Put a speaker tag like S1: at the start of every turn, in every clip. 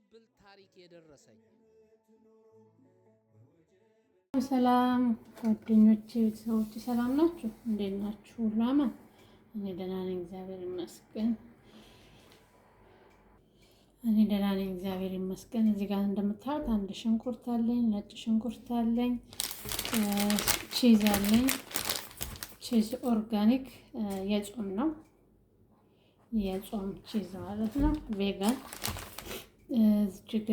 S1: ቅብብል ታሪክ የደረሰኝ ሰላም ጓደኞቼ፣ ቤተሰቦች ሰላም ናችሁ? እንዴት ናችሁ? አማን? እኔ ደህና ነኝ፣ እግዚአብሔር ይመስገን። እኔ ደህና ነኝ፣ እግዚአብሔር ይመስገን። እዚህ ጋር እንደምታዩት አንድ ሽንኩርት አለኝ፣ ነጭ ሽንኩርት አለኝ፣ ቺዝ አለኝ። ቺዝ ኦርጋኒክ የጾም ነው፣ የጾም ቺዝ ማለት ነው፣ ቬጋን እዚች ጋ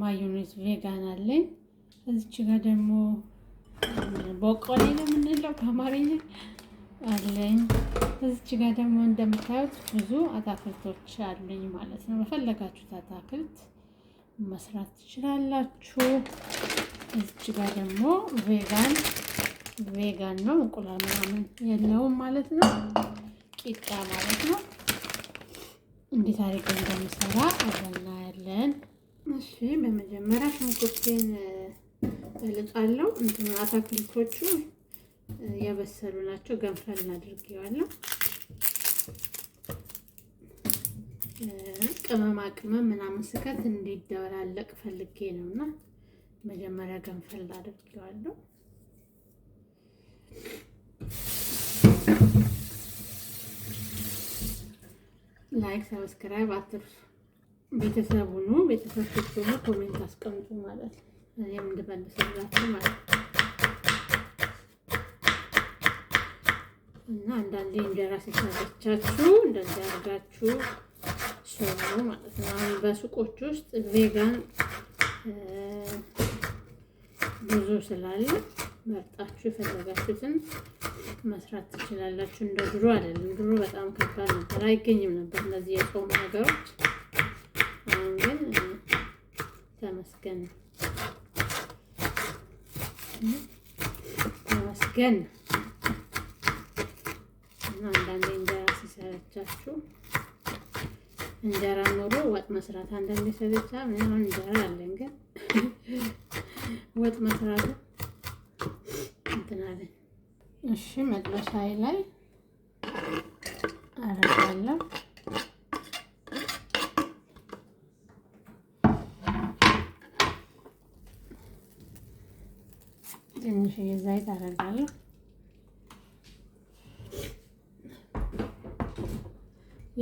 S1: ማዮኔዝ ቬጋን አለኝ። እዚች ጋ ደግሞ በቆሌ ነው የምንለው በአማርኛ አለኝ። እዚች ጋ ደግሞ እንደምታዩት ብዙ አታክልቶች አሉኝ ማለት ነው። በፈለጋችሁት አታክልት መስራት ትችላላችሁ። እዚች ጋ ደግሞ ቬጋን ቬጋን ነው እንቁላል ምናምን የለውም ማለት ነው። ቂጣ ማለት ነው። እንዴት አድርገን እንደምሰራ አብረና ያለን። እሺ በመጀመሪያ ሽንኩርቴን እልጣለሁ። እንትን አታክልቶቹ የበሰሉ ናቸው፣ ገንፈል አድርጌዋለሁ። ቅመማ ቅመም ምናምን ስከት እንዲደበላለቅ ፈልጌ ነው እና መጀመሪያ ገንፈል አድርጌዋለሁ። ላይክ ሰብስክራይብ አትርሱ። ቤተሰብ ሁኑ። ቤተሰብ ስትሆኑ ኮሜንት አስቀምጡ ማለት እኔም እንድመልስላችሁ ማለት እና አንዳንዴ እንጀራ ሲሰለቻችሁ እንደዚህ አድርጋችሁ ሶሙ ማለት ነው። አሁን በሱቆች ውስጥ ቬጋን ብዙ ስላለ መርጣችሁ የፈለጋችሁትን መስራት ትችላላችሁ። እንደ ድሮ አይደለም። ድሮ በጣም ከባድ ነበር፣ አይገኝም ነበር እነዚህ የጾም ነገሮች። አሁን ግን ተመስገን ተመስገን። አንዳንዴ እንጀራ ሲሰለቻችሁ እንጀራ ኖሮ ወጥ መስራት አንዳንዴ ሰለቻ ምን እንጀራ አለን ግን ወጥ መስራት እንትናለን። እሺ መጥበሻዬ ላይ አረጋለሁ። ትንሽዬ ዘይት አረጋለሁ።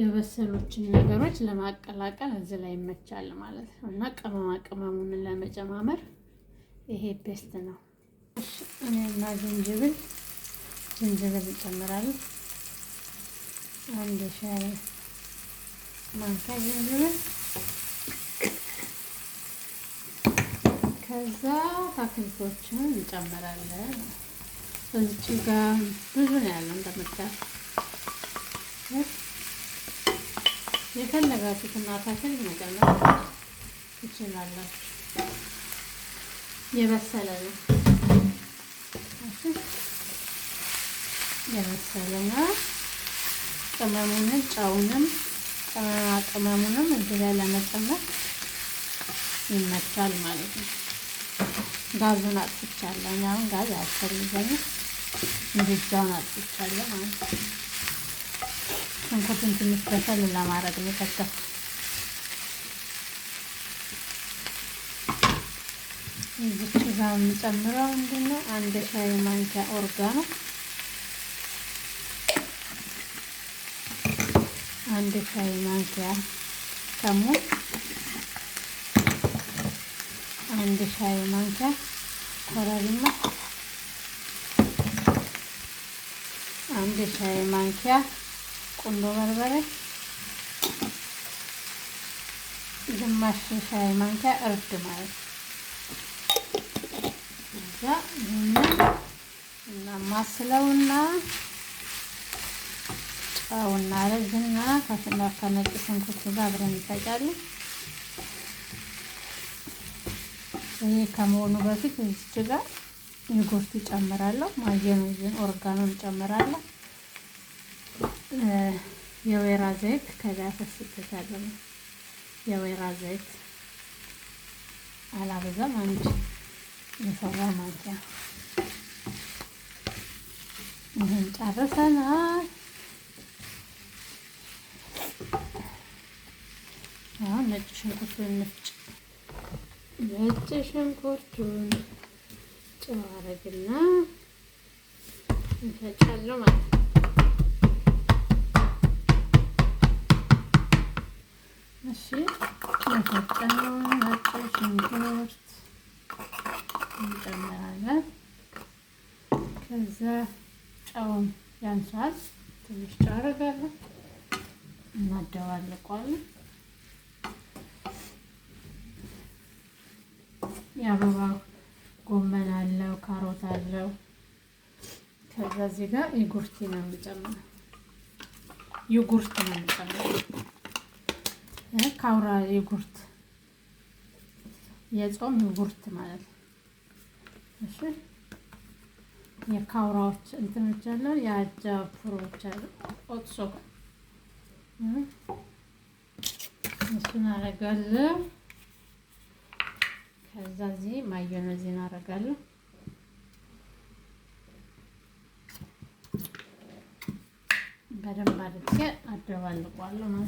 S1: የበሰሉችን ነገሮች ለማቀላቀል እዚህ ላይ ይመቻል ማለት ነው እና ቅመማ ቅመሙን ለመጨማመር ይሄ ቤስት ነው። እና ዝንጅብል ዝንጅብል እንጨምራለን። አንድ ሻይ ማንኪያ ዝንጅብል ከዛ አትክልቶችን እንጨምራለን። እዚች ጋር ብዙ ነው ያለው እንደምታዩት። የፈለጋችሁትን አትክልት መጨመር ትችላላችሁ። የበሰለ ነው። የመሰለ ቅመሙንም ጨውንም ቅመማ ቅመሙንም እዚህ ላይ ለመጨመር ይመቻል ማለት ነው። ጋዙን አጥፍቻለሁ። አሁን ጋዝ አያስፈልገኝም። ምድጃውን አጥፍቻለሁ ማለት ነው። ሽንኩርቱን ትንሽ በሰል ለማድረግ ነው የከተፍኩት። እዚህ እዛ የምጨምረው ምንድን ነው? አንድ ሻይ ማንኪያ ኦርጋኖ፣ አንድ ሻይ ማንኪያ ከሙን፣ አንድ ሻይ ማንኪያ ኮረሪማ፣ አንድ ሻይ ማንኪያ ቁንዶ በርበሬ፣ ግማሽ ሻይ ማንኪያ እርድ ማለት ነው። እዛ ይህንን እናማስለውና ጨው እናደርግና ከነጭ ሽንኩርት ጋር አብረን እንፈጫለን። ይሄ ከመሆኑ በፊት እዚች ጋር ይጎርቱ እጨምራለሁ። ማየኑዝን ኦርጋኖን እጨምራለሁ። የወይራ ዘይት ከዛ ፈስበታለሁ። የወይራ ዘይት አላበዛም አንድ የሰራ ማንኪያ ይህን ጨርሰናል። አሁን ነጭ ሽንኩርቱን እንፍጭ። ነጭ ሽንኩርቱን ጨው አረግና እንፈጫለሁ ማለት ነው። እሺ ነጭ ሽንኩርት እንጨምራለን። ከዛ ጨውን ያንሳል ትንሽ ጨው አደርጋለሁ። እናደባልቀዋለን። የአበባ ጎመን አለው፣ ካሮት አለው። ከዛ እዚህ ጋር ነው የምጨምረው፣ ይጉርት ነው የምጨምረው። ካውራ የጾም ይጉርት ማለት ነው። እሺ የካውራዎች እንትኖች አሉ፣ የአጃ ፍሮች አሉ። ኦትሶ እሱን አደርጋለሁ። ከዛ እዚህ ማዮነዜን አደርጋለሁ። በደንብ አድርጌ አደባልቋለሁ ማለት ነው።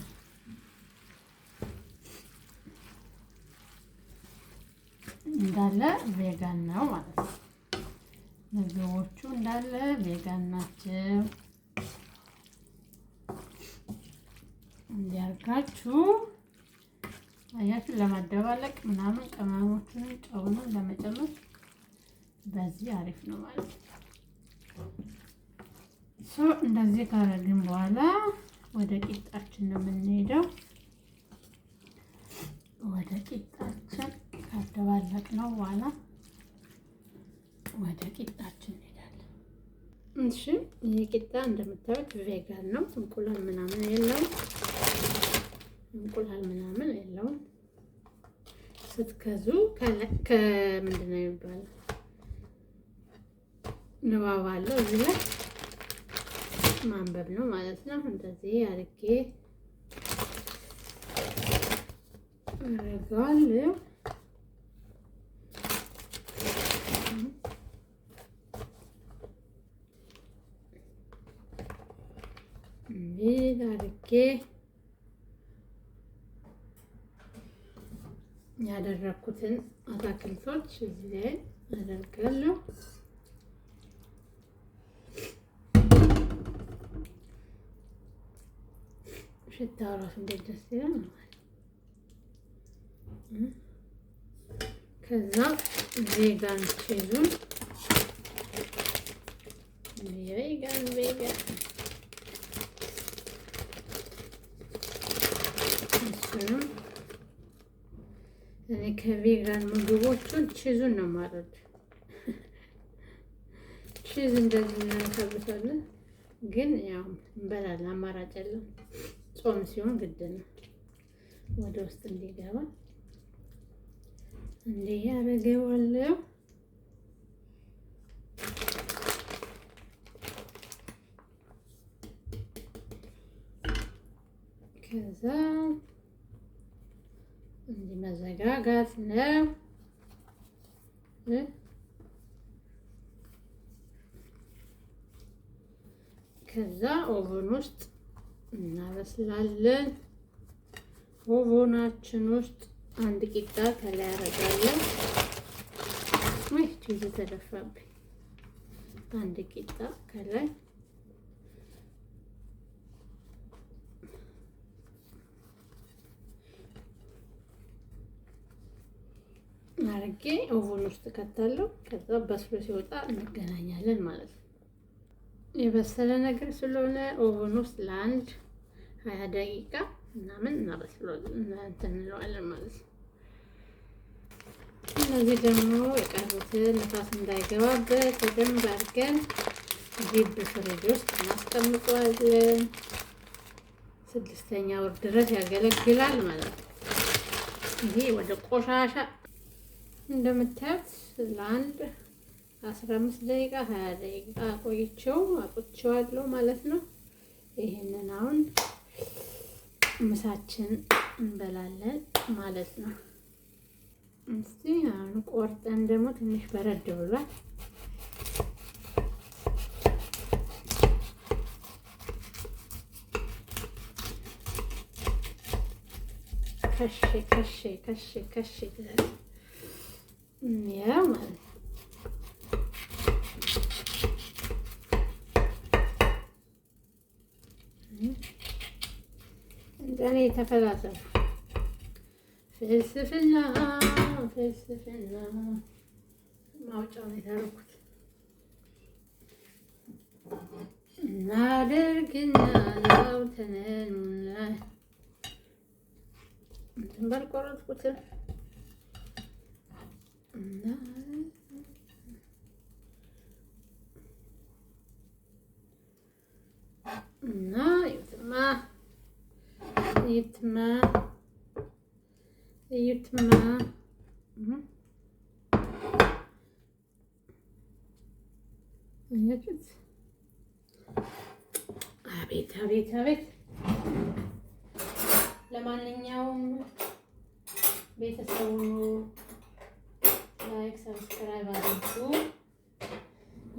S1: እንዳለ ቬጋን ነው ማለት ነው። ምግቦቹ እንዳለ ቬጋን ናቸው። እንዲያርጋችሁ አያችሁ፣ ለማደባለቅ ምናምን ቅመሞቹን ጨውኑን ለመጨመር በዚህ አሪፍ ነው ማለት ነው። እንደዚህ ካረግን በኋላ ወደ ቂጣችን ነው የምንሄደው። ከደባለቅ ነው በኋላ ወደ ቂጣችን እንሄዳለን። እሺ ይህ ቂጣ እንደምታዩት ቬጋን ነው። እንቁላል ምናምን የለውም። እንቁላል ምናምን የለውም። ስትከዙ ከምንድን ነው የሚባለው ንባብ አለው እዚህ ላይ ማንበብ ነው ማለት ነው። እንደዚህ አድርጌ አድርገዋል። ሚል አድርጌ ያደረኩትን አታክልቶች እዚህ ላይ አደርጋለሁ። ሽታው ራሱ እንዴት ደስ ይላል! ከዛ ቬጋን ቼዙን ቬጋን ቬጋን ከቬጋን ምግቦቹን ቺዙን ነው ማረድ። ቺዝ እንደዚህ እናነሳብታለን፣ ግን ያው እንበላለን። አማራጭ የለም። ጾም ሲሆን ግድ ነው ወደ ውስጥ እንዲገባ እንዲህ ያደረገዋለሁ። ከዛ እንዲህ መዘጋጋት ነው። ከዛ ኦቨን ውስጥ እናበስላለን። ኦቨናችን ውስጥ አንድ ቂጣ ከላይ አደርጋለሁ። ወይ ቺዝ ተደፋብኝ። አንድ ቂጣ ከላይ አርጌ ኦቨን ውስጥ ከታለሁ። ከዛ በስሎ ሲወጣ እንገናኛለን ማለት ነው። የበሰለ ነገር ስለሆነ ኦቨን ውስጥ ለአንድ ሀያ ደቂቃ ምናምን እናበስሎ እንለዋለን ማለት ነው። እነዚህ ደግሞ የቀሩትን ንፋስ እንዳይገባበት በደንብ አድርገን ዲብ ፍሪጅ ውስጥ እናስቀምጠዋለን። ስድስተኛ ወር ድረስ ያገለግላል ማለት ነው። ይሄ ወደ ቆሻሻ እንደምታዩት ለአንድ አስራ አምስት ደቂቃ ሀያ ደቂቃ ቆይቼው አቁቼዋለሁ ማለት ነው። ይህንን አሁን ምሳችን እንበላለን ማለት ነው። እስቲ አሁን ቆርጠን ደግሞ ትንሽ በረድ ብሏል። ከሼ ከሼ ከሼ ከሼ ያው ማለት ነው። እኔ ተፈላሰፍ ፍልስፍና ፍልስፍና ማውጫውን የተረኩት እናደርግና ለውትንን እንትን ባልቆረጥኩት እና እና እዩትማ እዩትማ እዩትማ አቤት አቤት አቤት። ለማንኛውም ቤተሰቡ ላይክ ሰብስክራይብ አድርጉ።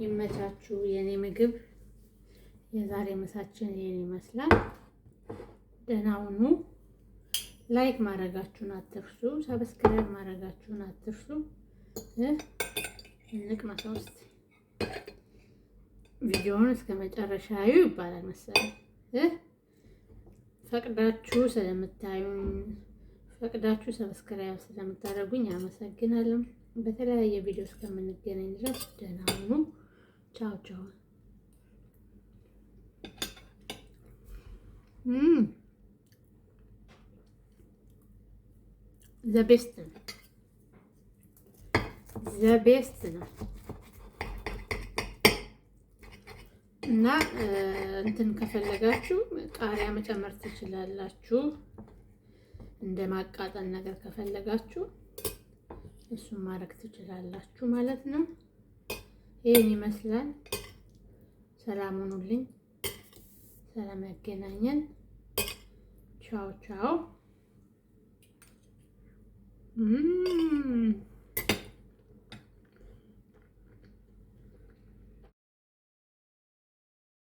S1: ይመቻችሁ። የኔ ምግብ የዛሬ ምሳችን ይሄን ይመስላል። ደህና ሁኑ። ላይክ ማድረጋችሁን አትርሱ። ሰብስክራይብ ማድረጋችሁን አትርሱ። እንቅ መሰውስት ቪዲዮውን እስከ መጨረሻ ዩ ይባላል መሰለኝ። ፈቅዳችሁ ስለምታዩኝ ፈቅዳችሁ ሰብስክራይብ ስለምታደርጉኝ አመሰግናለሁ። በተለያየ ቪዲዮ እስከምንገናኝ ድረስ ደህና ሁኑ። ቻው ቻው። ዘቤስት ነው፣ ዘቤስት ነው እና እንትን ከፈለጋችሁ ቃሪያ መጨመር ትችላላችሁ። እንደ ማቃጠል ነገር ከፈለጋችሁ እሱን ማድረግ ትችላላችሁ ማለት ነው። ይህን ይመስላል። ሰላም ሁኑልኝ። ሰላም ያገናኘን። ቻው ቻው።